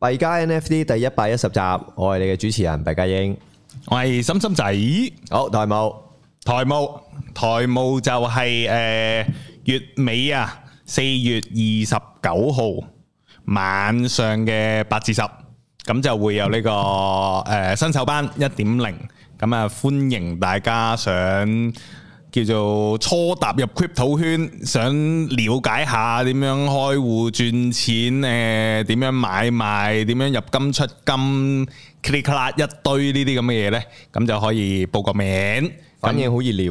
幣加 NFT 第一百一十集，我係你嘅主持人畢家英，我係心心仔。好，台務，台務，台務就係誒月尾啊，四月二十九號晚上嘅八至十，咁就會有呢個誒新手班一點零，咁啊歡迎大家上。叫做初踏入 Crypto 圈，想了解下點樣開戶賺錢，誒，點樣買賣，點樣入金出金，咔哩咔啦一堆呢啲咁嘅嘢呢，咁就可以報個名，反應好熱烈，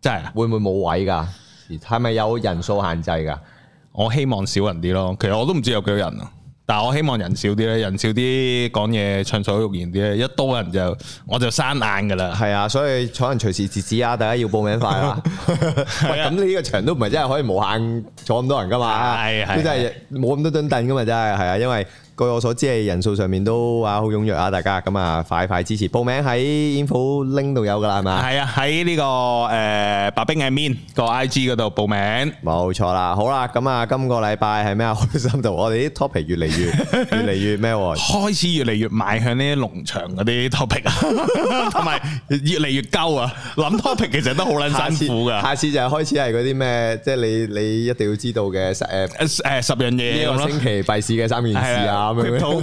真係會唔會冇位噶？係咪有人數限制噶？我希望少人啲咯，其實我都唔知有幾多人啊。但係我希望人少啲咧，人少啲講嘢暢所欲言啲咧，一多人就我就生硬噶啦。係啊，所以坐人隨時截止啊，大家要報名快啊。喂，咁呢個場都唔係真係可以無限坐咁多人噶嘛，都 真係冇咁多墩凳噶嘛，真係係啊，因為。據我所知係人數上面都啊好踴躍啊，大家咁啊快快支持報名，喺 info link 度有㗎啦，係嘛？係啊，喺呢個誒白兵嘅面個 IG 嗰度報名，冇錯啦。好啦，咁啊今個禮拜係咩啊？開心到我哋啲 topic 越嚟越越嚟越咩，開始越嚟越賣向呢農場嗰啲 topic 啊，同埋越嚟越鳩啊，諗 topic 其實都好撚辛苦㗎。下次就係開始係嗰啲咩，即係你你一定要知道嘅誒誒十樣嘢，呢個星期閉市嘅三件事啊。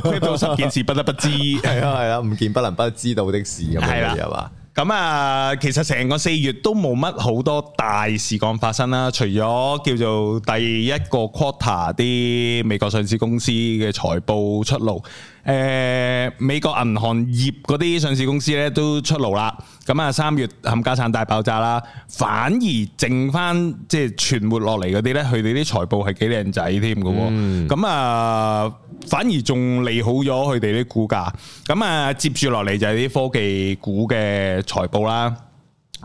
睇到十件事，不得不知，係啊係啊，唔見不能不知道的事咁樣嘅係嘛？咁啊，其實成個四月都冇乜好多大事幹發生啦，除咗叫做第一個 quarter 啲美國上市公司嘅財報出爐，誒、呃，美國銀行業嗰啲上市公司咧都出爐啦。咁啊，三月冚家鏟大爆炸啦，反而剩翻即係存活落嚟嗰啲咧，佢哋啲財報係幾靚仔添㗎喎。咁啊、嗯，反而仲利好咗佢哋啲股價。咁啊，接住落嚟就係啲科技股嘅財報啦。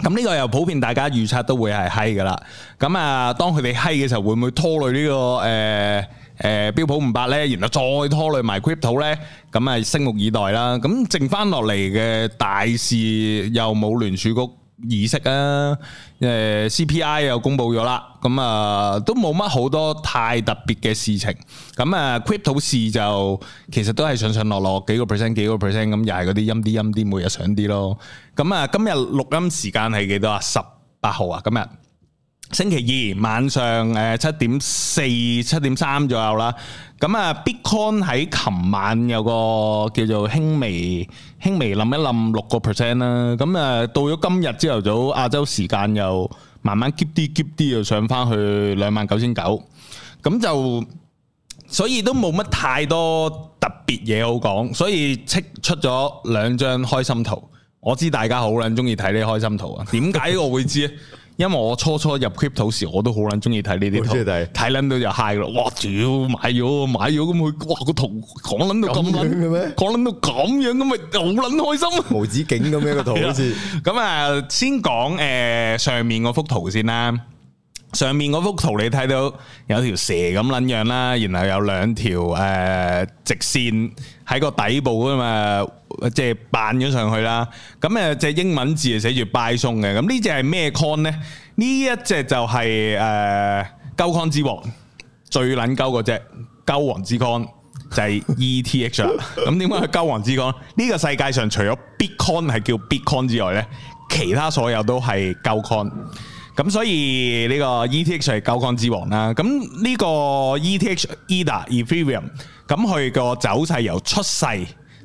咁呢個又普遍大家預測都會係閪㗎啦。咁啊，當佢哋閪嘅時候，會唔會拖累呢、呢個誒、呃誒、呃、標普五百咧，然後再拖累埋 crypto 咧，咁啊，拭目以待啦。咁、呃、剩翻落嚟嘅大市又冇聯儲局議息啊，誒、呃、CPI 又公佈咗啦，咁啊、呃、都冇乜好多太特別嘅事情。咁啊 crypto 市就其實都係上上落落幾個 percent 幾個 percent，咁又係嗰啲陰啲陰啲，每日上啲咯。咁啊今日錄音時間係幾多啊？十八號啊，今日。星期二晚上，誒、七點四七點三左右啦，咁啊 Bitcoin 喺琴晚有個叫做輕微輕微冧一冧六個 percent 啦，咁啊到咗今日朝頭早亞洲時間又慢慢 keep 啲 keep 啲，又上翻去兩萬九千九，咁就所以都冇乜太多特別嘢好講，所以出出咗兩張開心圖，我知大家好撚中意睇呢開心圖啊，點解我會知？因為我初初入 Crypto 時，我都好捻中意睇呢啲圖，睇捻到就 high 咯，哇！屌，買咗買咗咁佢，哇個圖講捻到咁捻嘅咩？講捻到咁樣咁咪好捻開心無止境咁樣個圖好似。咁啊，先講誒上面嗰幅圖先啦。上面嗰幅圖你睇到有條蛇咁捻樣啦，然後有兩條誒直線喺個底部吖嘛。即係扮咗上去啦，咁啊隻英文字啊寫住 Buy Song 嘅，咁呢隻係咩 Con 呢？呢一隻就係、是、誒，膠、呃、Con 之王，最撚膠嗰隻膠王之 Con，就係 ETH 啦。咁點解係膠王之 Con 咧？呢個世界上除咗 Bitcoin 係叫 Bitcoin 之外呢，其他所有都係膠 Con。咁所以呢個 ETH 係膠 Con 之王啦。咁呢個 ETH、Eda、Ethereum、Ethereum 咁佢個走勢由出世。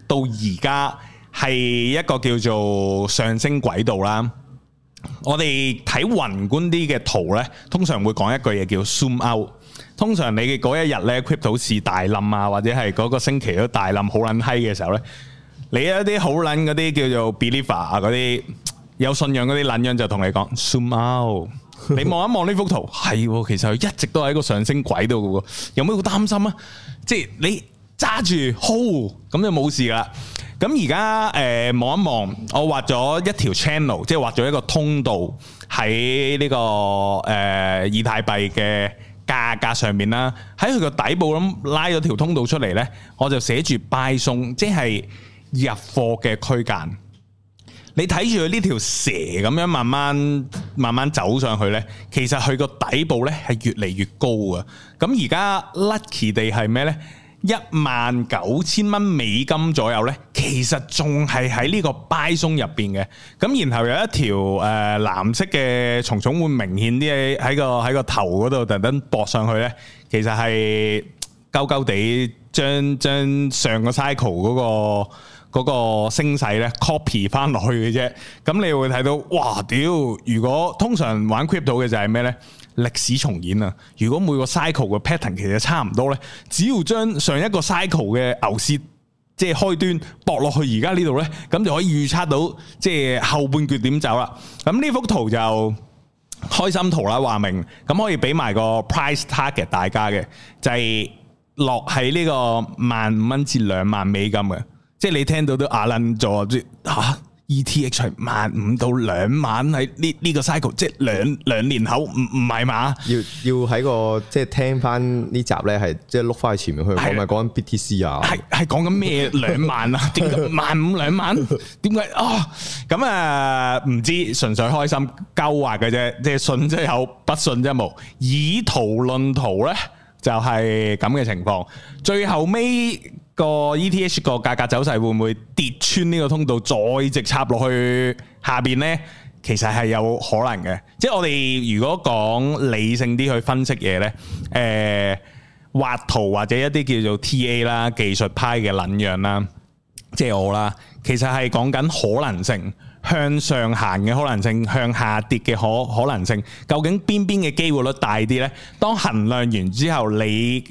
到而家係一個叫做上升軌道啦。我哋睇宏觀啲嘅圖咧，通常會講一句嘢叫 zoom out。通常你嘅嗰一日咧，crypto 似大冧啊，或者係嗰個星期都大冧好卵閪嘅時候咧，你一啲好卵嗰啲叫做 believer 啊，嗰啲有信仰嗰啲卵樣就同你講 zoom out。你望一望呢幅圖，係其實佢一直都係一個上升軌道嘅喎，有咩好擔心啊？即係你。揸住 hold 咁就冇事啦。咁而家誒望一望，我畫咗一條 channel，即係畫咗一個通道喺呢個誒以太幣嘅價格上面啦。喺佢個底部咁拉咗條通道出嚟呢，我就寫住 buy zone 即係入貨嘅區間。你睇住佢呢條蛇咁樣慢慢慢慢走上去呢，其實佢個底部呢係越嚟越高啊。咁而家 lucky 地係咩呢？一萬九千蚊美金左右咧，其實仲係喺呢個 buy zone 入邊嘅。咁然後有一條誒、呃、藍色嘅蟲蟲會明顯啲喺喺個喺個頭嗰度突然間博上去咧，其實係鳩鳩地將將上個 cycle 嗰、那個嗰、那個聲勢咧 copy 翻落去嘅啫。咁、嗯、你會睇到哇屌！Damn, 如果通常玩 crypto 嘅就係咩咧？歷史重演啊！如果每個 cycle 嘅 pattern 其實差唔多咧，只要將上一個 cycle 嘅牛市即係開端駁落去而家呢度咧，咁就可以預測到即係後半段點走啦。咁呢幅圖就開心圖啦，話明咁可以俾埋個 price target 大家嘅，就係、是、落喺呢個萬五蚊至兩萬美金嘅，即係你聽到都阿楞咗，即、啊、嚇。ETH 係萬五到兩萬喺呢呢個 cycle，即係兩兩年後唔唔係嘛？要要喺個即係聽翻呢集咧，係即係碌翻喺前面去，係咪講 BTC 啊？係係講緊咩兩萬啊？點萬五兩萬？點解哦，咁啊唔知，純粹開心勾畫嘅啫，即係信則有，不信則無，以圖論圖咧就係咁嘅情況。最後尾。個 ETH 個價格走勢會唔會跌穿呢個通道再直插落去下邊咧？其實係有可能嘅。即係我哋如果講理性啲去分析嘢咧，誒、呃、畫圖或者一啲叫做 TA 啦，技術派嘅諗樣啦，即係我啦，其實係講緊可能性。向上行嘅可能性，向下跌嘅可可能性，究竟邊邊嘅機會率大啲呢？當衡量完之後，你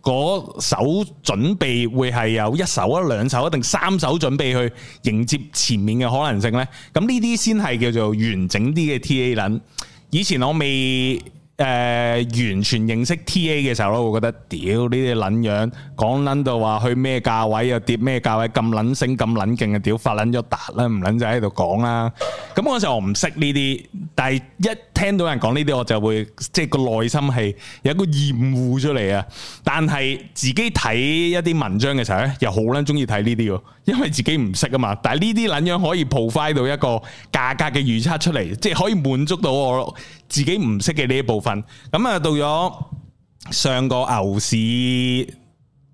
嗰手準備會係有一手、一兩手，一定三手準備去迎接前面嘅可能性呢？咁呢啲先係叫做完整啲嘅 TA 輪。以前我未。誒、呃、完全認識 TA 嘅時候咧，我會覺得屌，呢啲撚樣講撚到話去咩價位又跌咩價位，咁撚醒咁撚勁嘅，屌發撚咗達啦，唔撚就喺度講啦。咁嗰時候我唔識呢啲，但係一。聽到人講呢啲，我就會即係個內心係有一個厭惡出嚟啊！但係自己睇一啲文章嘅時候咧，又好捻中意睇呢啲喎，因為自己唔識啊嘛。但係呢啲捻樣可以 provide 到一個價格嘅預測出嚟，即係可以滿足到我自己唔識嘅呢一部分。咁、嗯、啊，到咗上個牛市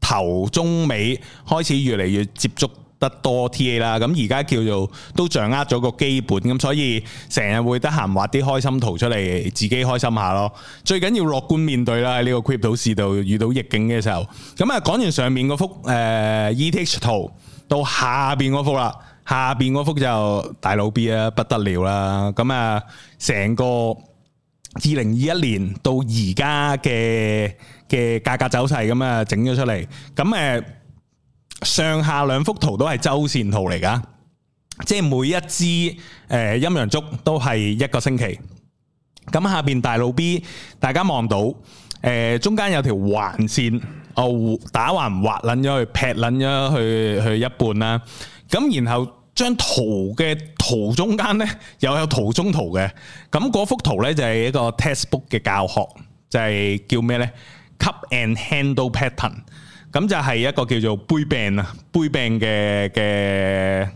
頭中尾開始越嚟越接觸。得多 TA 啦，咁而家叫做都掌握咗個基本，咁所以成日會得閒畫啲開心圖出嚟，自己開心下咯。最緊要樂觀面對啦，喺呢個 crypto 市度遇到逆境嘅時候。咁啊，講完上面嗰幅誒 ETH 圖，到下邊嗰幅啦，下邊嗰幅就大佬 B 啊，不得了啦。咁啊，成個二零二一年到而家嘅嘅價格走勢咁啊，整咗出嚟。咁誒。，上下兩幅圖都係周線圖嚟噶，即係每一支誒陰陽燭都係一個星期。咁下面大路 B，大家望到、呃、中間有條橫線，哦打橫畫捻咗去，劈捻咗去，去一半啦。咁然後，張圖嘅圖中間呢，又有圖中圖嘅，咁嗰幅圖呢，就係一個 test book 嘅教學，就係叫咩呢？cup and handle pattern 咁就係一個叫做杯柄啊，杯柄嘅嘅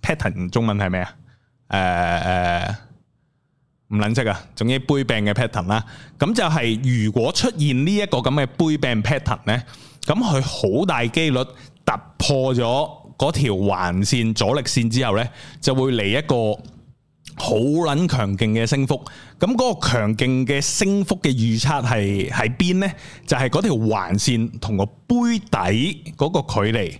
pattern，中文係咩啊？誒誒唔撚識啊，總之杯柄嘅 pattern 啦。咁就係如果出現呢一個咁嘅杯柄 pattern 咧，咁佢好大機率突破咗嗰條橫線阻力線之後咧，就會嚟一個好撚強勁嘅升幅，咁嗰個強勁嘅升幅嘅預測係喺邊咧？就係嗰條橫線同個杯底嗰個距離。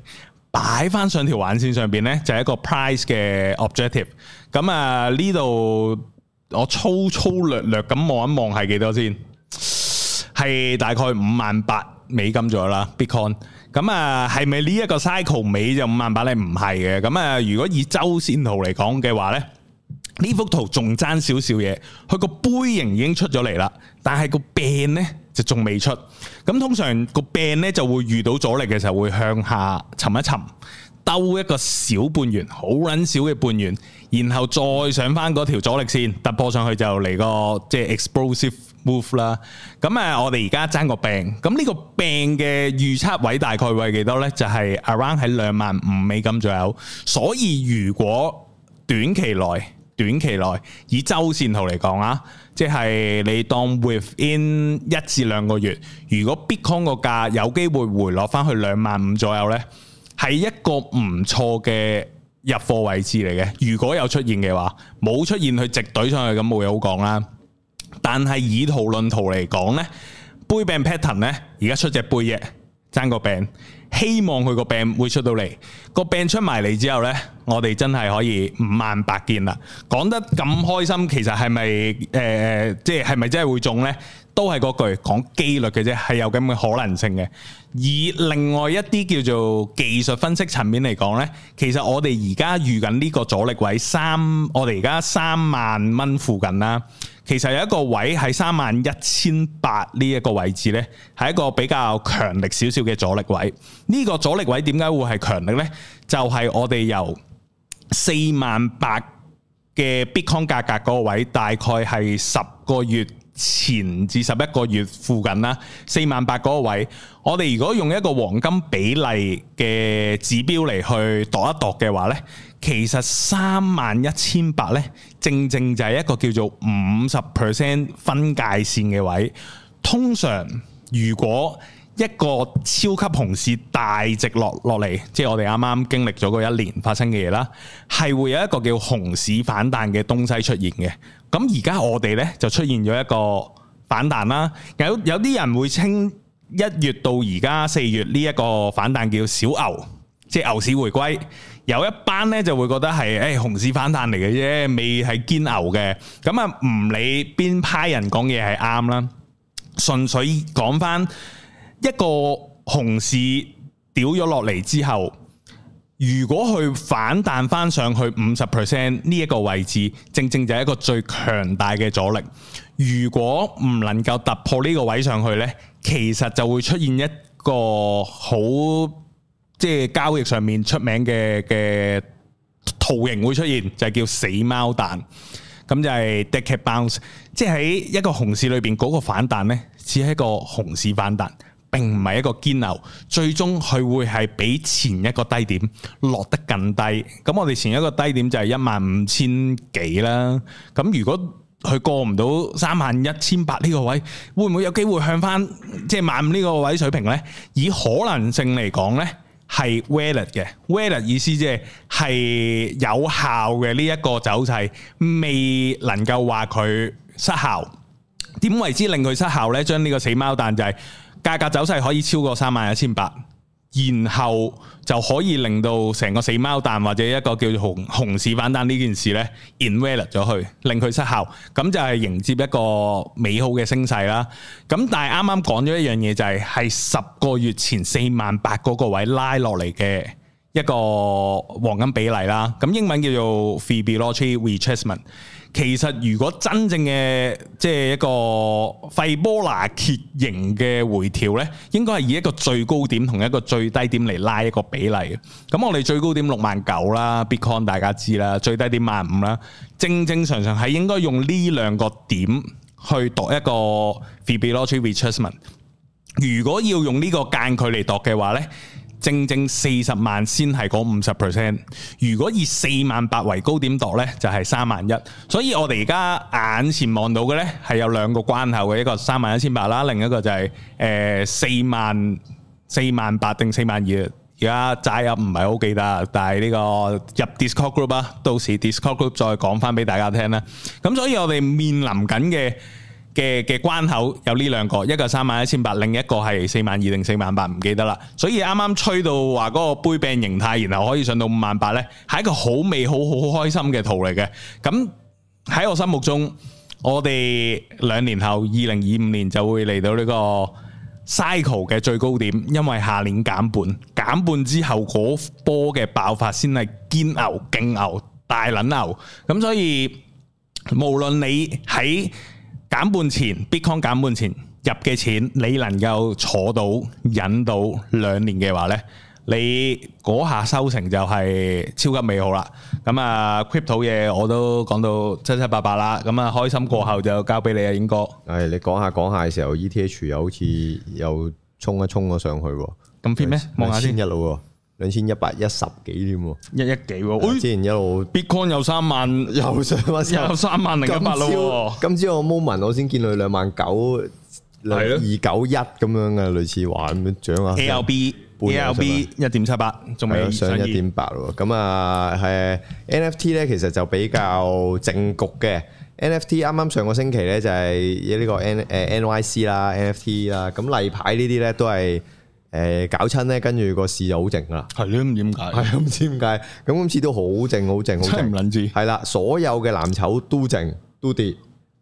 擺返上條橫線上面呢，就係、是、一個 price 嘅 objective。咁啊，呢度我粗粗略略咁望一望係幾多先？係大概五萬八美金左右啦，Bitcoin。咁啊，係咪呢一個 cycle 尾就五萬八呢？唔係嘅。咁啊，如果以周線圖嚟講嘅話呢呢幅圖仲爭少少嘢，佢個杯型已經出咗嚟啦，但係個柄呢就仲未出。咁通常個柄呢就會遇到阻力嘅時候會向下沉一沉，兜一個小半圓，好捻小嘅半圓，然後再上翻嗰條阻力線，突破上去就嚟個即係 explosive move 啦。咁啊，我哋而家爭個柄，咁呢個柄嘅預測位大概會係幾多呢？就係、是、around 喺兩萬五美金左右。所以如果短期內，短期內以周線圖嚟講啊，即係你當 within 一至兩個月，如果 Bitcoin 個價有機會回落翻去兩萬五左右呢，係一個唔錯嘅入貨位置嚟嘅。如果有出現嘅話，冇出現去直對上去，咁冇嘢好講啦。但係以圖論圖嚟講，呢杯柄 pattern 呢，而家出隻杯嘅爭個柄。希望佢個病會出到嚟，個病出埋嚟之後呢，我哋真係可以五萬八件啦。講得咁開心，其實係咪誒，即係係咪真係會中呢？都係嗰句，講機率嘅啫，係有咁嘅可能性嘅。而另外一啲叫做技術分析層面嚟講呢，其實我哋而家預緊呢個阻力位三，3, 我哋而家三萬蚊附近啦。其實有一個位喺三萬一千八呢一個位置呢，係一個比較強力少少嘅阻力位。呢、這個阻力位點解會係強力呢？就係、是、我哋由四萬八嘅 Bitcoin 價格嗰位，大概係十個月。前至十一個月附近啦，四萬八嗰個位，我哋如果用一個黃金比例嘅指標嚟去度一度嘅話呢，其實三萬一千八呢，正正就係一個叫做五十 percent 分界線嘅位。通常如果一個超級熊市大直落落嚟，即係我哋啱啱經歷咗嗰一年發生嘅嘢啦，係會有一個叫熊市反彈嘅東西出現嘅。咁而家我哋呢就出現咗一個反彈啦，有有啲人會稱一月到而家四月呢一個反彈叫小牛，即係牛市回歸。有一班呢就會覺得係誒熊市反彈嚟嘅啫，未係堅牛嘅。咁啊唔理邊派人講嘢係啱啦，純粹講返一個熊市掉咗落嚟之後。如果佢反彈翻上去五十 percent 呢一個位置，正正就係一個最強大嘅阻力。如果唔能夠突破呢個位上去呢，其實就會出現一個好，即係交易上面出名嘅嘅圖形會出現，就係、是、叫死貓彈，咁就係 dead cat bounce。即係喺一個熊市裏邊嗰個反彈呢，只係一個熊市反彈。並唔係一個堅牛，最終佢會係比前一個低點落得更低。咁我哋前一個低點就係一萬五千幾啦。咁如果佢過唔到三萬一千八呢個位，會唔會有機會向翻？即係萬五呢個位水平呢？以可能性嚟講呢，係 valid 嘅。valid 意思即係係有效嘅呢一個走勢，未能夠話佢失效。點為之令佢失效呢？將呢個死貓彈就係。價格走勢可以超過三萬一千八，然後就可以令到成個死貓彈或者一個叫做熊熊市反彈呢件事呢 invalid 咗去，令佢失效，咁就係迎接一個美好嘅升勢啦。咁但係啱啱講咗一樣嘢就係、係，係十個月前四萬八嗰個位拉落嚟嘅一個黃金比例啦。咁英文叫做 fibonacci retracement。其實如果真正嘅即係一個費波納切型嘅回調呢，應該係以一個最高點同一個最低點嚟拉一個比例。咁我哋最高點六萬九啦，Bitcoin 大家知啦，最低點萬五啦，正正常常係應該用呢兩個點去度一個斐波那契回調。如果要用呢個間距嚟度嘅話呢。正正四十萬先係嗰五十 percent，如果以四萬八為高點度呢，就係三萬一。所以我哋而家眼前望到嘅呢，係有兩個關口嘅，一個三萬一千八啦，另一個就係誒四萬四萬八定四萬二。而家債入唔係好記得，但係呢個入 Discord group 啊，到時 Discord group 再講翻俾大家聽啦。咁所以我哋面臨緊嘅。嘅嘅關口有呢兩個，一個三萬一千八，另一個係四萬二定四萬八，唔記得啦。所以啱啱吹到話嗰個杯柄形態，然後可以上到五萬八呢，係一個好美好好開心嘅圖嚟嘅。咁喺我心目中，我哋兩年後二零二五年就會嚟到呢個 cycle 嘅最高點，因為下年減半，減半之後嗰波嘅爆發先係堅牛、勁牛、大撚牛。咁所以無論你喺減半前，Bitcoin 減半前入嘅錢，你能夠坐到忍到兩年嘅話咧，你嗰下收成就係超級美好啦。咁啊，Crypto 嘢我都講到七七八八啦。咁啊，開心過後就交俾你啊，英哥。誒你講下講下嘅時候，ETH 又好似又衝一衝咗上去，咁偏咩？望下先，一路。兩千一百一十幾添喎，一一幾喎？之前一路 Bitcoin 有三萬，有上翻三有三萬零一百咯。今朝我 moment 我先見到兩萬九，係咯二九一咁樣嘅，類似玩咁樣。ALB ALB 一點七八，仲未上一點八咯。咁啊，誒 NFT 咧其實就比較正局嘅。NFT 啱啱上個星期咧就係呢個 N 誒 NYC 啦，NFT 啦，咁例牌呢啲咧都係。誒搞親咧，跟住個市就好靜噶啦。係，你都唔點解？係啊，唔知點解。咁今次都好靜，好靜，好靜。真係唔撚知。係啦，所有嘅藍籌都靜，都跌。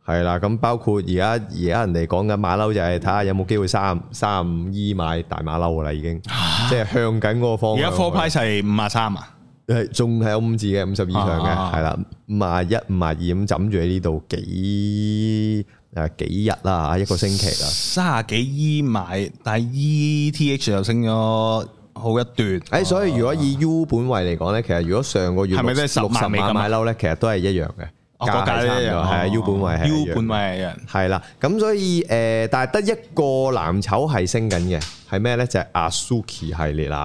係啦，咁包括而家而家人哋講緊馬騮就係睇下有冇機會三三五二買大馬騮啦，已經。啊、即係向緊嗰個方向。而家科派係五啊三啊？係，仲係有五字嘅五十以上嘅，係啦，五啊一、五啊二咁枕住喺呢度幾？誒，幾日啦吓？一個星期啦、啊，三十幾依買，但係 ETH 又升咗好一段。誒、哎，所以如果以 U 本位嚟講咧，其實如果上個月係咪都係十萬美金買樓咧，其實都係一樣嘅價都係一樣，係啊，啊，U 本位係一樣，係啦。咁、嗯、所以誒、呃，但係得一個藍籌係升緊嘅，係咩咧？就係、是、阿 Suki 系列啦，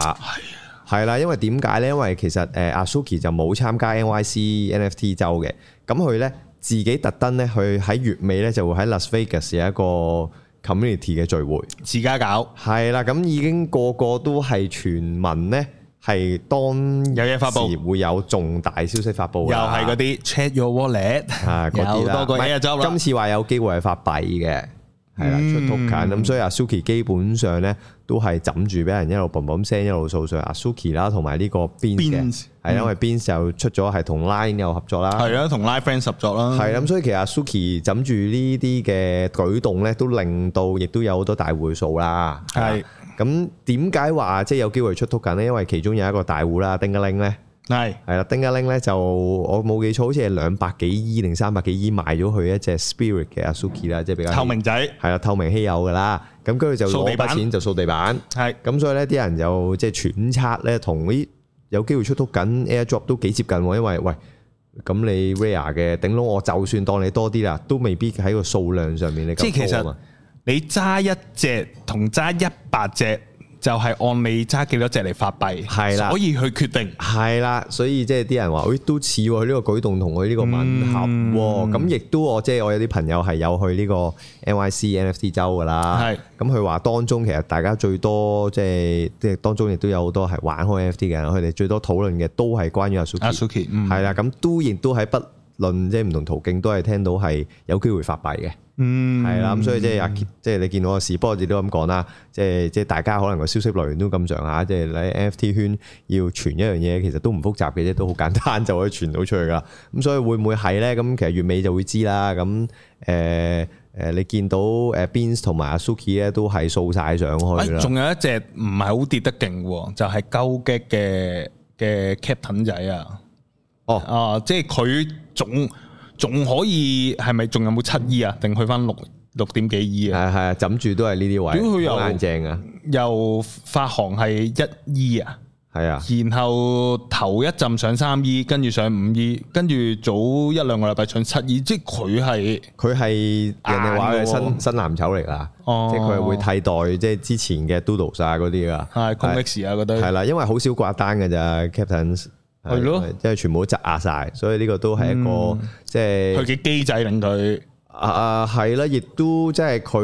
係啦。 因為點解咧？因為其實誒，阿 Suki 就冇參加 NYC NFT 周嘅，咁佢咧。自己特登咧去喺月尾咧就會喺 Las Vegas 有一個 community 嘅聚會，自家搞。係啦，咁已經個個都係傳聞，咧，係當有嘢發布會有重大消息發布，發布啊、又係嗰啲 check your wallet 啊，有多個亞洲啦，不今次話有機會係發幣嘅。係啦，出 token 咁，所以 Azuki 基本上咧都係枕住俾人一路嘭嘭聲，一路掃上 Azuki 啦，同埋呢個 bin，係 Be ans, 的因為 bin 又出咗，係同 Line 有合作啦，係啊，同 Line Friend 合作啦，係咁，所以其實 Azuki 枕住呢啲嘅舉動咧，都令到亦都有好多大戶數啦。係咁的，點解話即係有機會出 token 咧？因為其中有一個大戶啦，叮一鈴咧。係，係啦，丁家玲咧就我冇記錯，好似係兩百幾億定三百幾億賣咗佢一隻 Spirit 嘅阿 Suki 啦，即係比較透明仔，係啦，透明稀有噶啦。咁跟住就攞筆錢就掃地板，係。咁所以咧，啲人就即係揣測咧，同嗰啲有機會出到緊 Air Drop 都幾接近喎。因為喂，咁你 Rare 嘅頂籠，我就算當你多啲啦，都未必喺個數量上面咧。即係其實你揸一隻同揸一百隻。就係按未揸幾多隻嚟發幣，係啦的，所以去決定係啦，所以即係啲人話，喂、哎、都似佢呢個舉動同佢呢個吻合喎，咁亦、嗯、都我即係我有啲朋友係有去呢個 N Y C N F T 州噶啦，係咁佢話當中其實大家最多即係即係當中亦都有好多係玩開 N F T 嘅人，佢哋最多討論嘅都係關於 Azuki。係啦，咁都然都喺不論即係唔同途徑，都係聽到係有機會發幣嘅，嗯，係啦，咁所以即係即係你見到嘅事、嗯，不過亦都咁講啦，即係即係大家可能個消息來源都咁上下，即係喺 NFT 圈要傳一樣嘢，其實都唔複雜嘅啫，都好簡單就可以傳到出去噶啦。咁所以會唔會係咧？咁其實月尾就會知啦。咁誒誒，你見到誒 Beans 同埋阿 Suki 咧，都係掃晒上去啦。仲、哎、有一隻唔係好跌得勁喎，就係高擊嘅嘅 Captain 仔啊！哦，啊，即係佢仲仲可以，係咪仲有冇七 E 啊？定去翻六六點幾 E 啊？係係，枕住都係呢啲位，又硬正啊！又發行係一 E 啊，係啊，然後頭一陣上三 E，跟住上五 E，跟住早一兩個禮拜上七 E，即係佢係佢係人哋話係新新藍籌嚟啊！即係佢係會替代即係之前嘅 Doodles 啊嗰啲啊，係 X 啊嗰啲，係啦，因為好少掛單嘅咋 Captain。係咯，的即係全部都質押晒，所以呢個都係一個即係佢嘅機制令佢啊啊，係啦，亦都即係佢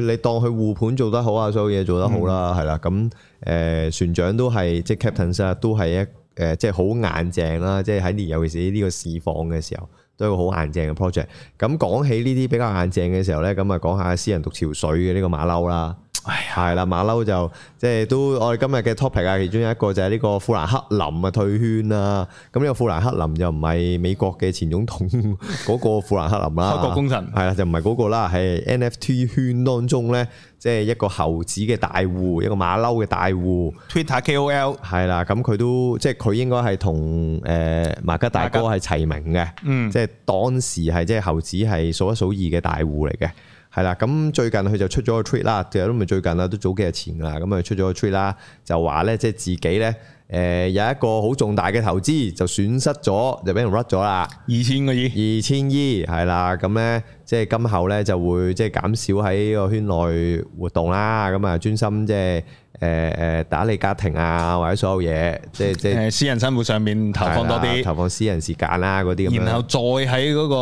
你當佢護盤做得好啊，所有嘢做得好啦，係啦、嗯，咁誒、呃、船長都係即係 captain 啊，都係一誒即係好硬淨啦，即係喺、呃、年，尤其是呢個市況嘅時候，都係一個好硬淨嘅 project。咁講起呢啲比較硬淨嘅時候咧，咁啊講下私人獨潮水嘅呢個馬騮啦。唉，係啦，馬騮就即係、就是、都我哋今日嘅 topic 啊，其中一個就係呢個富蘭克林啊退圈啊。咁呢個富蘭克林就唔係美國嘅前總統嗰個富蘭克林啊，開國功臣係啦，就唔係嗰個啦，係 NFT 圈當中咧，即、就、係、是、一個猴子嘅大戶，一個馬騮嘅大戶。Twitter KOL 係啦，咁佢都即係佢應該係同誒馬吉大哥係齊名嘅，即係、嗯、當時係即係猴子係數一數二嘅大戶嚟嘅。係啦，咁最近佢就出咗個 tweet 啦，其實都唔係最近啦，都早幾日前㗎啦，咁啊出咗個 tweet 啦，就話咧即係自己咧，誒有一個好重大嘅投資就損失咗，就俾人 rug 咗啦，二千個億，二千億，係啦，咁咧即係今後咧就會即係減少喺個圈內活動啦，咁啊專心即係。誒誒打理家庭啊，或者所有嘢，即係即係私人生活上面投放多啲，投放私人時間啦嗰啲。然後再喺嗰個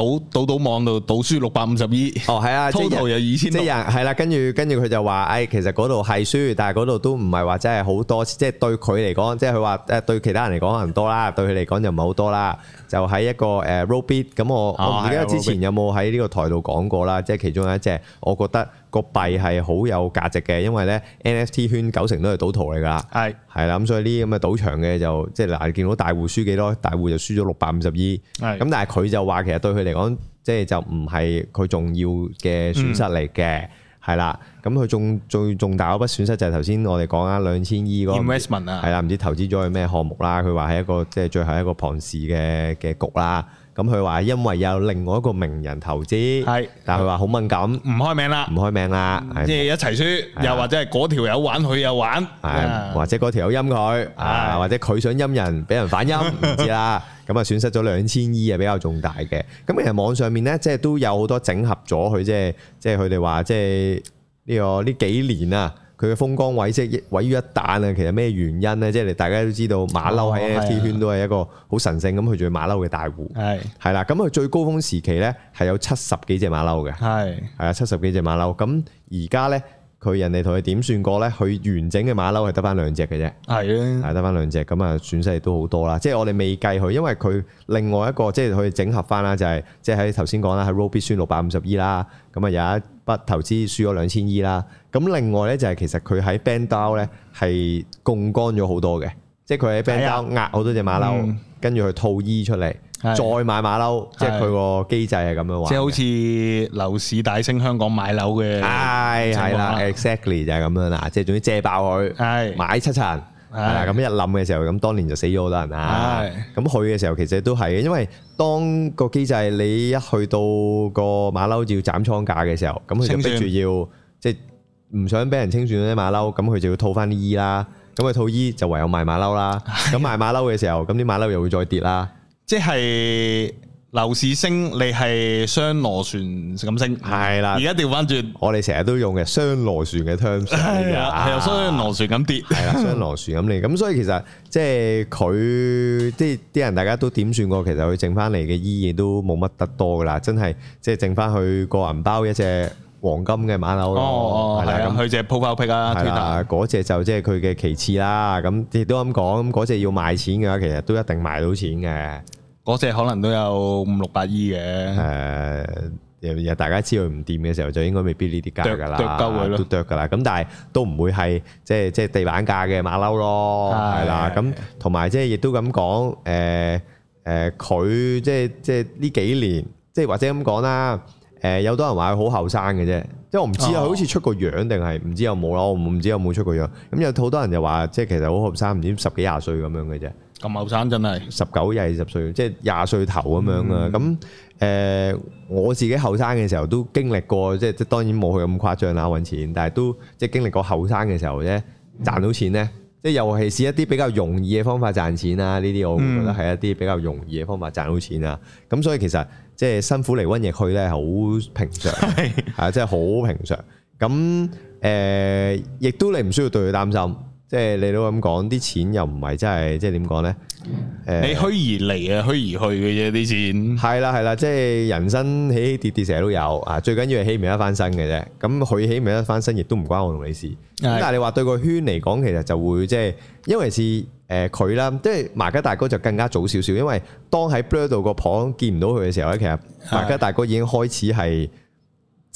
賭賭賭網度賭輸六百五十億。哦，係啊，抽頭又二千。即係係啦，跟住跟住佢就話，誒、哎、其實嗰度係輸，但係嗰度都唔係話真係好多，即、就、係、是、對佢嚟講，即係佢話誒對其他人嚟講可能多啦，對佢嚟講就唔係好多啦。就喺一個誒 robot，咁我、哦、我唔記得之前有冇喺呢個台度講過啦，即係、哦嗯、其中有一隻，我覺得。個幣係好有價值嘅，因為咧 NFT 圈九成都係賭徒嚟㗎，係係啦，咁所以呢啲咁嘅賭場嘅就即係嗱你見到大戶輸幾多，大戶就輸咗六百五十億，咁但係佢就話其實對佢嚟講，即係就唔係佢重要嘅損失嚟嘅，係啦、嗯，咁佢仲最重大嗰筆損失就係頭先我哋講啊兩千億嗰 investment 啊，係啦，唔知投資咗、啊、去咩項目啦，佢話係一個即係、就是、最後一個龐氏嘅嘅局啦。咁佢話因為有另外一個名人投資，係，但係佢話好敏感，唔開名啦，唔開名啦，即係一齊輸，又或者係嗰條友玩佢又玩，或者嗰條友陰佢，或者佢想陰人俾人反陰，唔知啦。咁啊，損失咗兩千二啊，比較重大嘅。咁其實網上面咧，即係都有好多整合咗佢，即係即係佢哋話，即係呢個呢幾年啊。佢嘅風光位即係毀於一旦啊！其實咩原因咧？即係大家都知道馬騮喺 NFT 圈都係一個好神聖咁，佢做馬騮嘅大戶係係啦。咁佢、啊啊、最高峰時期咧係有七十幾隻馬騮嘅係係啊，七十幾隻馬騮。咁而家咧佢人哋同佢點算過咧？佢完整嘅馬騮係得翻兩隻嘅啫，係啊，係得翻兩隻。咁啊，損失亦都好多啦。即係我哋未計佢，因為佢另外一個即係佢整合翻、就、啦、是，e, 就係即係頭先講啦，喺 Robit 輸六百五十億啦。咁啊有一不投資輸咗兩千億啦，咁另外咧就係其實佢喺 band down 咧係槓桿咗好多嘅，即係佢喺 band down 壓好多隻馬騮，跟住佢套衣出嚟，再買馬騮，即係佢個機制係咁樣玩。即係好似樓市大升，香港買樓嘅。係係啦，exactly 就係咁樣啦，即係總之借爆佢，買七層，係啦，咁一諗嘅時候，咁當年就死咗好多人啦，係咁去嘅時候，其實都係嘅因為。當個機制你一去到個馬騮要斬倉架嘅時候，咁佢就逼住要即係唔想俾人清算啲馬騮，咁佢就要套翻啲衣啦。咁佢套衣就唯有賣馬騮啦。咁賣馬騮嘅時候，咁啲馬騮又會再跌啦。即係。樓市升，你係雙螺旋咁升，而家掉翻轉，現在我哋成日都用雙螺旋嘅 terms，雙螺旋咁跌，雙螺旋咁跌，其實大家都點算過嗰隻可能都有五六百億嘅，誒、呃，又大家知佢唔掂嘅時候，就應該未必呢啲價㗎啦，都剁㗎啦。咁但係都唔會係即係即係地板價嘅馬騮咯，係啦是的 的。咁同埋即係亦都咁講，誒、呃、誒，佢即係即係呢幾年，即係或者咁講啦，誒，有多人話佢好後生嘅啫，即係我唔知啊，佢好似出過樣定係唔知有冇啦，我唔知有冇出過樣。咁有好多人就話，即係其實好後生，唔知十幾廿歲咁樣嘅啫。咁後生真係十九、廿二十歲，即係廿歲頭咁樣啊！咁誒、嗯呃，我自己後生嘅時候都經歷過，即係即當然冇佢咁誇張啦，揾錢，但係都即係經歷過後生嘅時候咧，賺到錢咧，即係尤其是一啲比較容易嘅方法賺錢啊！呢啲我覺得係一啲比較容易嘅方法賺到錢啊！咁、嗯、所以其實即係辛苦嚟揾亦去咧，好平常是啊，即係好平常。咁誒、呃，亦都你唔需要對佢擔心。即係你都咁講，啲錢又唔係真係，即係點講呢？誒、呃，你虛而嚟啊，虛而去嘅啫啲錢。係啦係啦，即係人生起起跌跌，成日都有啊。最緊要係起唔起得翻身嘅啫。咁佢起唔起得翻身，亦都唔關我同你事。的但係你話對個圈嚟講，其實就會即係，因為是誒佢啦，即係麻吉大哥就更加早少少，因為當喺 Blur 度個盤見唔到佢嘅時候咧，其實麻吉大哥已經開始係。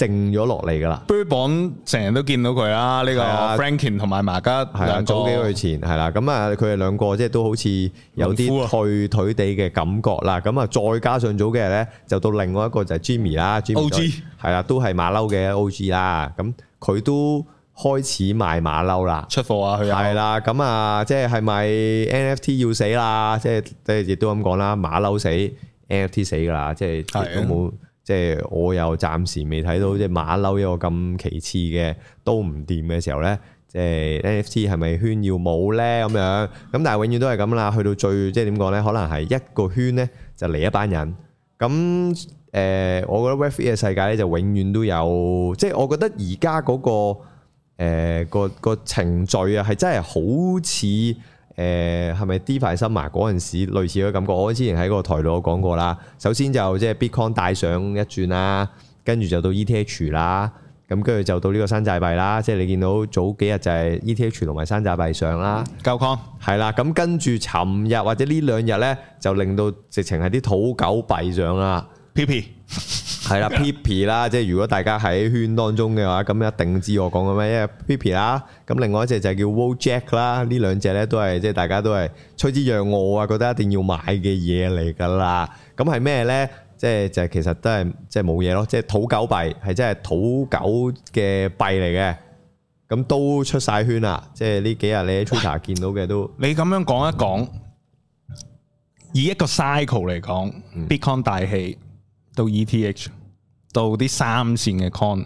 定咗落嚟噶啦 b u 成日都見到佢啦，呢、呢個 Franklin 同埋馬吉早幾個月前係啦，咁啊佢哋兩個即係都好似有啲退退地嘅感覺啦，咁啊再加上早幾日咧就到另外一個就係 Jimmy 啦，Jimmy 係啦都係馬騮嘅 OG 啦、啊，咁佢都開始賣馬騮啦，出貨啊佢係啦，咁啊、嗯、即係係咪 NFT 要死啦？即係亦都咁講啦，馬騮死 NFT 死噶啦，即係都冇。即係我又暫時未睇到即係馬騮一個咁其次嘅都唔掂嘅時候咧，即係 NFT 係咪圈要冇咧咁樣？咁但係永遠都係咁啦。去到最即係點講咧，可能係一個圈咧就嚟一班人。咁誒，我覺得 Web3 嘅世界咧就永遠都有。即係我覺得而家嗰個誒個個程序啊，係真係好似。誒係咪 DeFi Summer 嗰陣時，類似嘅感覺？我之前喺個台度我講過啦。首先就即係 Bitcoin 帶上一轉啦，跟住就到 ETH 啦，咁跟住就到呢個山寨幣啦。即係你見到早幾日就係 ETH 同埋山寨幣上啦，膠礦係啦。咁跟住尋日或者呢兩日咧，就令到直情係啲土狗幣上啦。皮皮係啦 Pipi 啦，即係如果大家喺圈當中嘅話，咁一定知我講嘅咩？因為 Pipi 啦，咁另外一隻就係叫 Wojak 啦，呢兩隻咧都係即係大家都係趨之若鶩啊，覺得一定要買嘅嘢嚟噶啦。咁係咩咧？即係就其實都係即係冇嘢咯，即係土狗幣係真係土狗嘅幣嚟嘅，咁都出晒圈啦。即係呢幾日你喺 Twitter 見到嘅都，你咁樣講一講，嗯、以一個 cycle 嚟講、嗯、，Bitcoin 大氣。到 ETH，到啲三線嘅 coin，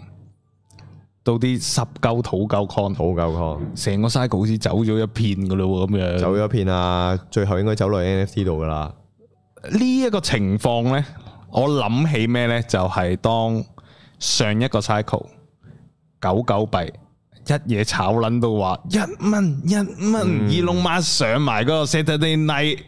到啲濕鳩土鳩 coin，土鳩高 coin，成個 cycle 好似走咗一片噶咯喎，咁樣走咗一片啊，最後應該走落 NFT 度噶啦。呢一個情況咧，我諗起咩咧？就係、是、當上一個 cycle 狗狗幣。一嘢炒捻到話一蚊一蚊，二龍馬上埋嗰個 Saturday night，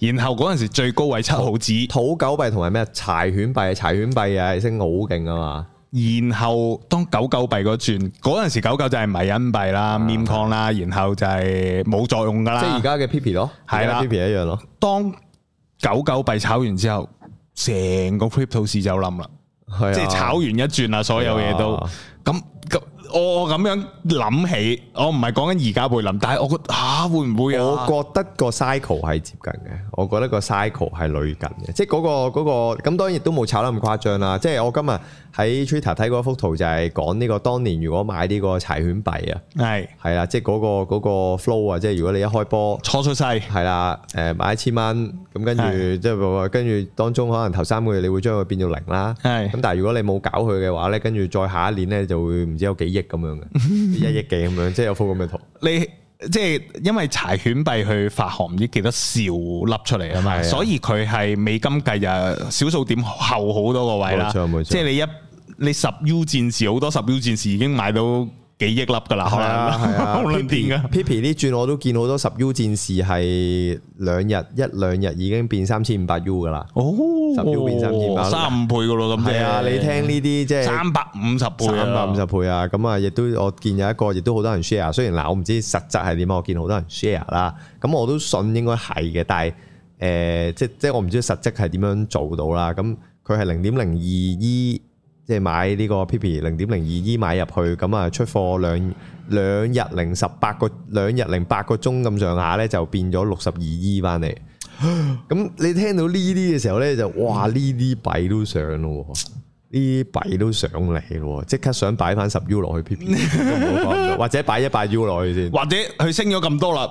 然後嗰陣時最高位七毫紙，土狗幣同埋咩柴犬幣，柴犬幣啊升好勁啊嘛，然後當狗狗幣嗰轉嗰陣時，狗狗就係唔係陰幣啦，面抗啦，然後就係冇作用噶啦，即係而家嘅 Pip 咯，係啦 Pip 一樣咯，當狗狗幣炒完之後，成個 Crypto 市就冧啦，即係炒完一轉啊，所有嘢都咁。我咁樣諗起，我唔係講緊而家會諗，但係我覺得吓會唔會我覺得，啊會會啊、我覺得個 cycle 係接近嘅，我覺得個 cycle 係累近嘅，即係嗰、那個嗰個咁，當然亦都冇炒得咁誇張啦。即係我今日喺 Twitter 睇過幅圖就講、這個，就係講呢個當年如果買呢個柴犬幣啊，係係啦，即係嗰個嗰個 flow 啊，即係、那個那個、如果你一開波錯出世係啦，誒、啊、買一千蚊咁，跟住即係，是跟住當中可能頭三個月你會將佢變到零啦，係咁是，但係如果你冇搞佢嘅話咧，跟住再下一年咧就會唔知有幾。咁樣嘅，一億幾咁樣，即係有幅咁嘅圖。你即係因為柴犬幣去發行唔知幾多兆粒出嚟啊嘛，所以佢係美金計日小數點後好多個位啦。即係你一你十 U 戰士，好多十 U 戰士已經買到，幾億粒噶啦，係啊，好亂掂㗎，Pipi 呢轉我都見好多十 U 戰士係兩日一兩日已經變三千五百 U 噶啦，哦，十 U 變三千五百，三五、哦、倍噶咯咁，係啊，嗯、你聽呢啲、啊、即係三百五十倍啊，三百五十倍啊，咁啊，亦都我見有一個亦都好多人 share，雖然嗱我唔知實質係點啊，我見好多人 share 啦，咁我都信應該係嘅，但係誒、呃、即即係我唔知實質係點樣做到啦，咁佢係零點零二 E。即係買呢個 Pipi 零點零二 E 買入去，咁啊出貨兩兩日零十八個兩日零八個鐘咁上下咧，就變咗六十二 E 翻嚟。咁你聽到呢啲嘅時候咧，就哇，呢啲幣都上咯喎，呢啲幣都上嚟咯喎，即刻想擺翻十 U 落去 Pipi，或者擺一百 U 落去先，或者佢升咗咁多啦。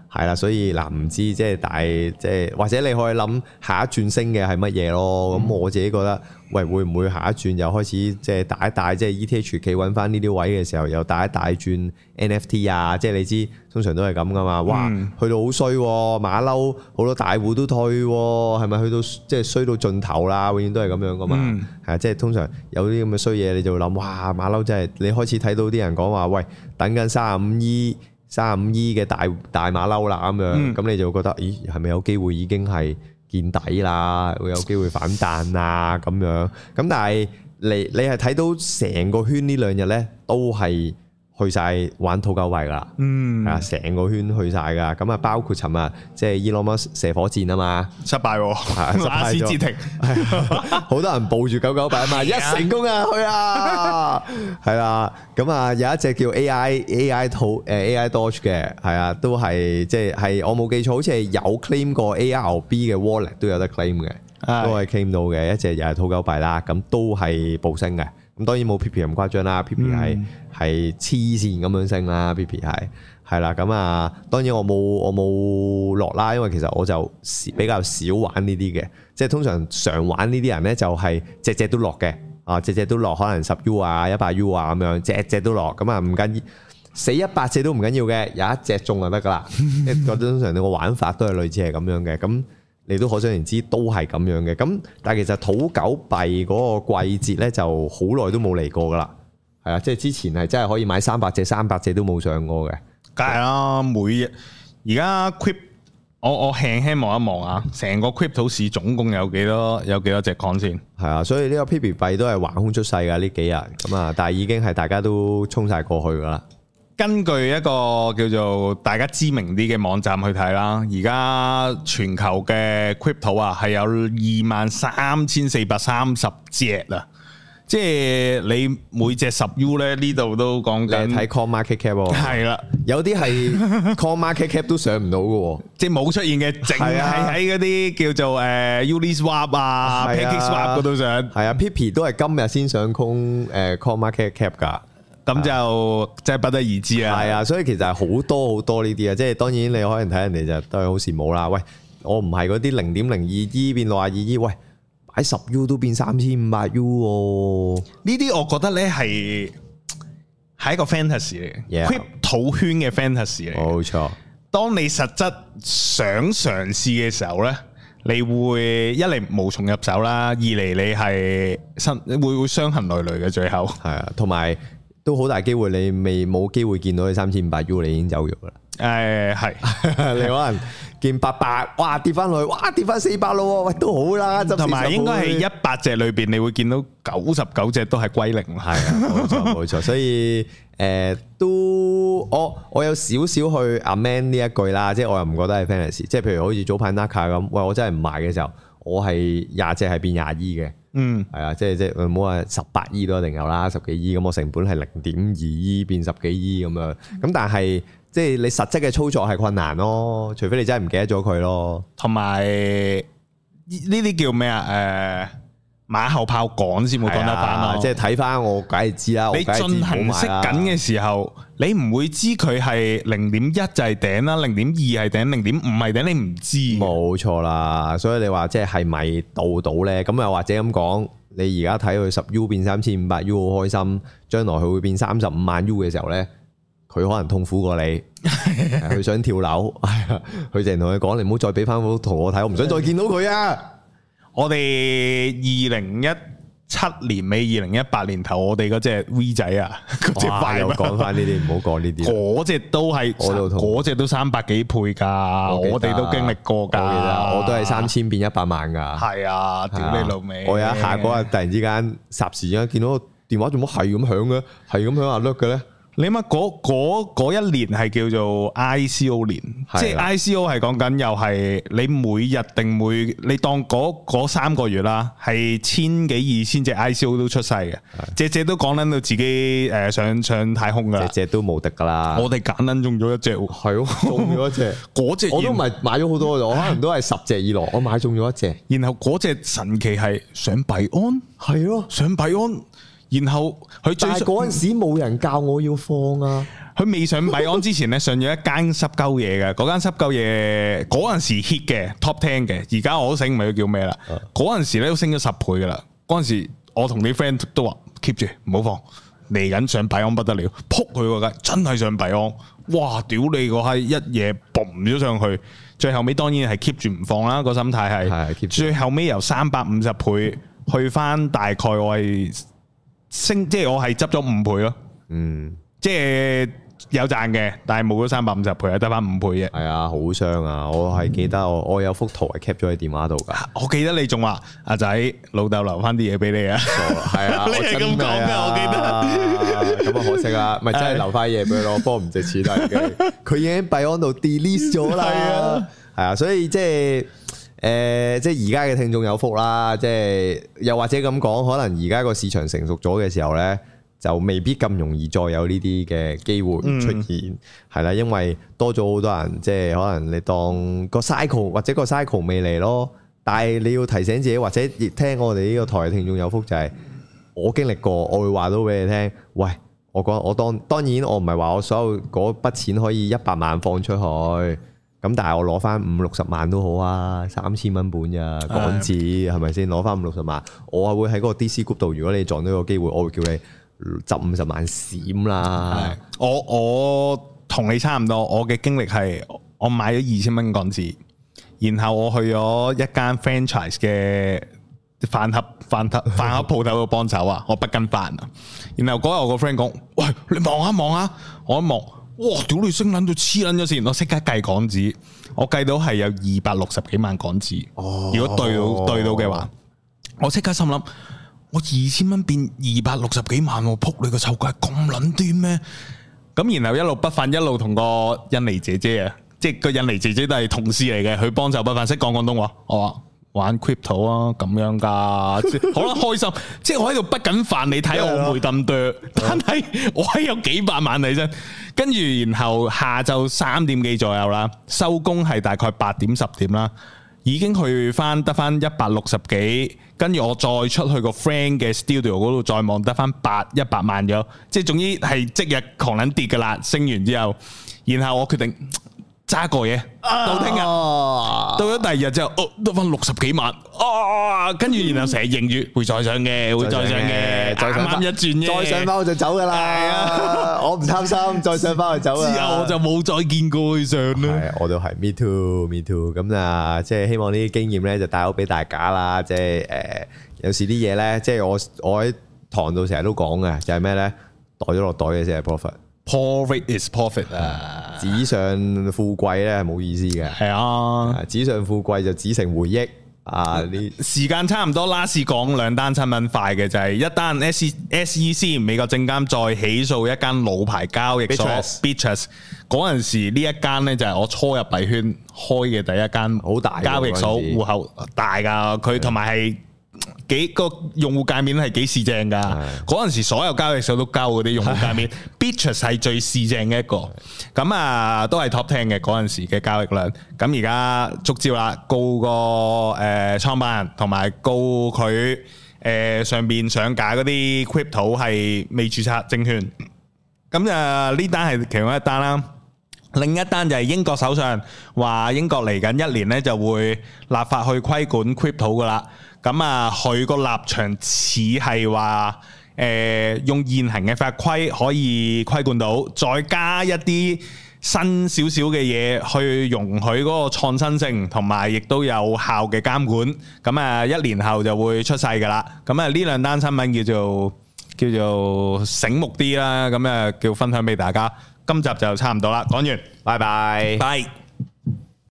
係啦，所以嗱，唔、啊、知即係大即係或者你可以諗下一轉升嘅係乜嘢咯？咁、嗯、我自己覺得，喂，會唔會下一轉又開始即係大一大即係 ETH 企揾翻呢啲位嘅時候，又大一大轉 NFT 啊？即係你知通常都係咁噶嘛？哇，去到好衰、啊，馬騮好多大戶都退、啊，係咪去到即係衰到盡頭啦、啊？永遠都係咁樣噶嘛？係啊、嗯，即係通常有啲咁嘅衰嘢，你就會諗哇，馬騮真係你開始睇到啲人講話，喂，等緊三啊五億。三十五 E 嘅大大馬騮啦，咁樣，咁你就覺得，咦，係咪有機會已經係見底啦？會有機會反彈啊？咁樣，咁但係你你係睇到成個圈呢兩日咧，都係，去晒玩土狗幣啦，嗯，啊，成個圈去晒噶，咁啊，包括尋日即係 Elon Musk 射火箭啊嘛，失敗，啊， 失敗咗。好 多人抱住狗狗幣啊嘛， 一成功啊去啊，係啦，咁啊，有一隻叫 AI AI 誒 AI Doge 嘅，係啊，都係即係，係我冇記錯，好似係有 claim 過 ARB 嘅 wallet 都有得 claim 嘅，都係 claim 到嘅，啊、一隻又係土狗幣啦，咁都係暴升嘅。咁當然冇 P P 咁誇張啦，P P 係係黐線咁樣升啦，P P 係係啦咁啊！當然我冇我冇落啦，因為其實我就比較少玩呢啲嘅，即係通常常玩呢啲人咧就係隻隻都落嘅，啊隻隻都落，可能十 U 啊，一百 U 啊咁樣隻隻都落，咁啊唔緊要，死一百隻都唔緊要嘅，有一隻中就得噶啦，即係嗰種通常你個玩法都係類似係咁樣嘅，咁。你都可想而知都，都係咁樣嘅。咁但係其實土狗幣嗰個季節呢，就好耐都冇嚟過噶啦。係啊，即係之前係真係可以買三百隻、三百隻都冇上過嘅。梗係啦，每日。而家 crypto，我我輕輕望一望啊，成個 crypto 市總共有幾多有幾多隻礦先？係啊，所以呢個 PEPE 幣都係橫空出世噶呢幾日。咁啊，但係已經係大家都衝晒過去噶啦。根據一個叫做大家知名啲嘅網站去睇啦，而家全球嘅 Crypto 啊，係有二萬三千四百三十隻啊，即係你每隻十 U 咧呢度都講緊。睇 coin market cap 係、啊、啦，了有啲係 coin market cap 都上唔到嘅， 即係冇出現嘅，淨係喺嗰啲叫做誒、uh, Uniswap 啊 PiggySwap 嗰度上。係啊，Pipi 都係今日先上空誒 coin market cap 㗎。咁就真係不得而知啊。係啊，所以其實係好多好多呢啲啊，即係當然你可能睇人哋就都係好羨慕啦。喂，我唔係嗰啲零點零二 E 變六啊二 E，喂，擺十 U 都變三千五百 U 哦。呢啲我覺得咧，係係一個 fantasy，嚟，套 Yeah, 圈嘅 fantasy 嚟。冇錯，當你實質想嘗試嘅時候咧，你會一嚟無從入手啦，二嚟你係身會會傷痕累累嘅，最後係啊，同埋。都好大機會，你未冇機會見到佢三千五百 U，你已經走咗啦。誒、呃，係 你可能見八百，哇跌翻落去，哇跌翻四百咯，喂都好啦。同埋有 40, 應該係一百隻裏邊， 你會見到九十九隻都係歸零，係啊冇錯冇錯。所以誒、呃，都我我有少少去阿 Man 呢一句啦，即係我又唔覺得係 fantasy。即係譬如好似早排 Naka 咁，喂我真係唔賣嘅時候，我係廿隻係變廿二嘅。嗯，係啊，即係即係，唔好話十八億都一定有啦，十幾億咁，我成本係零點二億變十幾億咁樣，咁但係即係你實質嘅操作係困難咯，除非你真係唔記得咗佢咯，同埋呢啲叫咩啊？誒、呃。馬後炮講先會講得翻咯，即係睇翻我梗係知啦。你進行式緊嘅時候，你唔會知佢係零點一就係頂啦，零點二係頂，零點五係頂，你唔知。冇錯啦，所以你話即係係咪到到咧？咁又或者咁講，你而家睇佢十 U 變三千五百 U 好開心，將來佢會變三十五萬 U 嘅時候咧，佢可能痛苦過你，佢想跳樓，係啊，佢淨係同佢講，你唔好再俾翻幅圖我睇，我唔想再見到佢啊。我哋二零一七年尾，二零一八年頭，我哋嗰隻 V 仔啊，快哇 又講翻呢啲，唔好講呢啲。嗰隻都係，嗰隻都三百幾倍噶，我哋都經歷過噶。我都係三千變一百萬噶。係啊，屌你老味！我有一下嗰日， 突然之間霎時間，見到個電話仲好係咁響嘅，係咁響啊碌嘅咧。你諗下嗰一年係叫做 ICO 年，的即係 ICO 係講緊又係你每日定每日你當嗰三個月啦，係千幾二千隻 ICO 都出世嘅，隻隻的都講緊到自己誒、呃、上上太空噶，隻隻都冇敵噶啦。我哋揀撚中咗一隻，係咯，中咗一隻，嗰隻 我都唔係買咗好多，我可能都係十隻以內，我買中咗一隻， 然後嗰隻神奇係上幣安，係咯的，上幣安。然後佢但係嗰陣時冇人教我要放啊，佢未上幣安之前咧，上咗一間濕鳩嘢嘅，嗰間濕鳩嘢嗰陣時 hit 嘅 top ten 嘅，而家我都醒唔起佢叫咩啦？嗰陣時咧都升咗十倍噶啦，嗰陣時我同啲 friend 都話 keep 住唔好放，嚟緊上幣安不得了，撲佢個街，真係上幣安，哇！屌你個閪，一夜 boom 咗上去，最後尾當然係 keep 住唔放啦，個心態係，最後尾由三百五十倍去翻大概我係。升，即係我係執咗五倍咯，嗯，即係有賺嘅，但係冇咗三百五十倍啊，得翻五倍嘅。係啊，好傷啊，我係記得我、嗯、我有幅圖係 keep 咗喺電話度噶，我記得你仲話阿仔老豆留翻啲嘢俾你啊。係 啊，我真啊，你係咁講嘅，我記得，咁啊，可惜 啊，咪真係留翻嘢俾佢咯。不過唔值錢啦，佢已經閉安度 delete 咗啦，係啊，所以即係。誒、呃，即係而家嘅聽眾有福啦！即係又或者咁講，可能而家個市場成熟咗嘅時候呢，就未必咁容易再有呢啲嘅機會出現，係啦、嗯，因為多咗好多人，即係可能你當個 cycle 或者個 cycle 未嚟咯。但係你要提醒自己，或者聽我哋呢個台嘅聽眾有福就係、是，我經歷過，我會話到俾你聽。喂，我講，我當當然我唔係話我所有嗰筆錢可以一百萬放出去。咁但係我攞翻五六十萬都好啊，三千蚊本咋、啊、港紙係咪先？攞翻的五六十萬，我啊會喺嗰個 DC group 度，如果你撞到個機會，我會叫你執五十萬閃啦。我我同你差唔多，我嘅經歷係我買咗二千蚊港紙，然後我去咗一間 franchise 嘅飯盒飯盒飯盒鋪頭度幫手啊，我不跟班啊。然後嗰日我個 friend 講：，喂，你望下望下，我一望。哇！屌你星，捻到黐捻咗線，我即刻計港紙，我計到係有二百六十幾萬港紙。哦，如果兌到兌到嘅話，我即刻心諗，我二千蚊變二百六十幾萬，撲你個臭鬼咁卵端咩？咁然後一路不忿，一路同個印尼姐姐啊，即係個印尼姐姐都係同事嚟嘅，佢幫手不忿，識講廣東話，好啊。玩 crypto 啊，咁樣噶，好啦，開心，即係我喺度不緊煩，你睇我賠得咁多，但係我係有幾百萬嚟啫。跟住然後下晝三點幾左右啦，收工係大概八點十點啦，已經去翻得翻一百六十幾，跟住我再出去個 friend 嘅 studio 嗰度再望得翻八一百萬咗，即係總之係即日狂捻跌噶啦，升完之後，然後我決定。揸過嘢，到聽日，啊、到咗第二日之後，哦，得翻六十幾萬，啊，跟住然後成日認住，會再上嘅，再上會再上嘅，再翻一轉再上翻我就走噶啦。啊、我唔貪心，再上翻就走啦。之後 我就冇再見過佢上啦。我都係 me too，me too。咁啊，即係希望呢啲經驗咧，就帶好俾大家啦。即係誒、呃，有時啲嘢咧，即係我我喺堂度成日都講嘅，就係咩咧？袋咗落袋嘅先係 profit。profit perfect is perfect 啊！紙上富貴咧冇意思嘅，係啊！紙上富貴就紙成回憶啊！啲時間差唔多，last 講兩單產品快嘅就係、是、一單 SEC 美國證監再起訴一間老牌交易所 Bittrex 嗰陣時，呢一間咧就係我初入幣圈開嘅第一間，好大交易所，啊、戶口大噶，佢同埋係。幾個用戶界面係幾市正噶？嗰陣時所有交易所都交嗰啲用戶界面，Bittrex 係最市正嘅一個。咁啊，都係 top ten 嘅嗰陣時嘅交易量。咁而家捉焦啦，告個誒創辦人同埋告佢誒上邊上架嗰啲 crypto 係未注冊證券。咁啊，呢單係其中一單啦。另一單就係英國首相話英國嚟緊一年呢就會立法去規管 crypto 噶啦。咁啊，佢個立場似係話，誒、呃、用現行嘅法規可以規管到，再加一啲新少少嘅嘢去容許嗰個創新性，同埋亦都有效嘅監管。咁啊，一年後就會出世噶啦。咁啊，呢兩單新聞叫做叫做醒目啲啦。咁啊，叫分享俾大家。今集就差唔多啦，講完，拜拜，拜。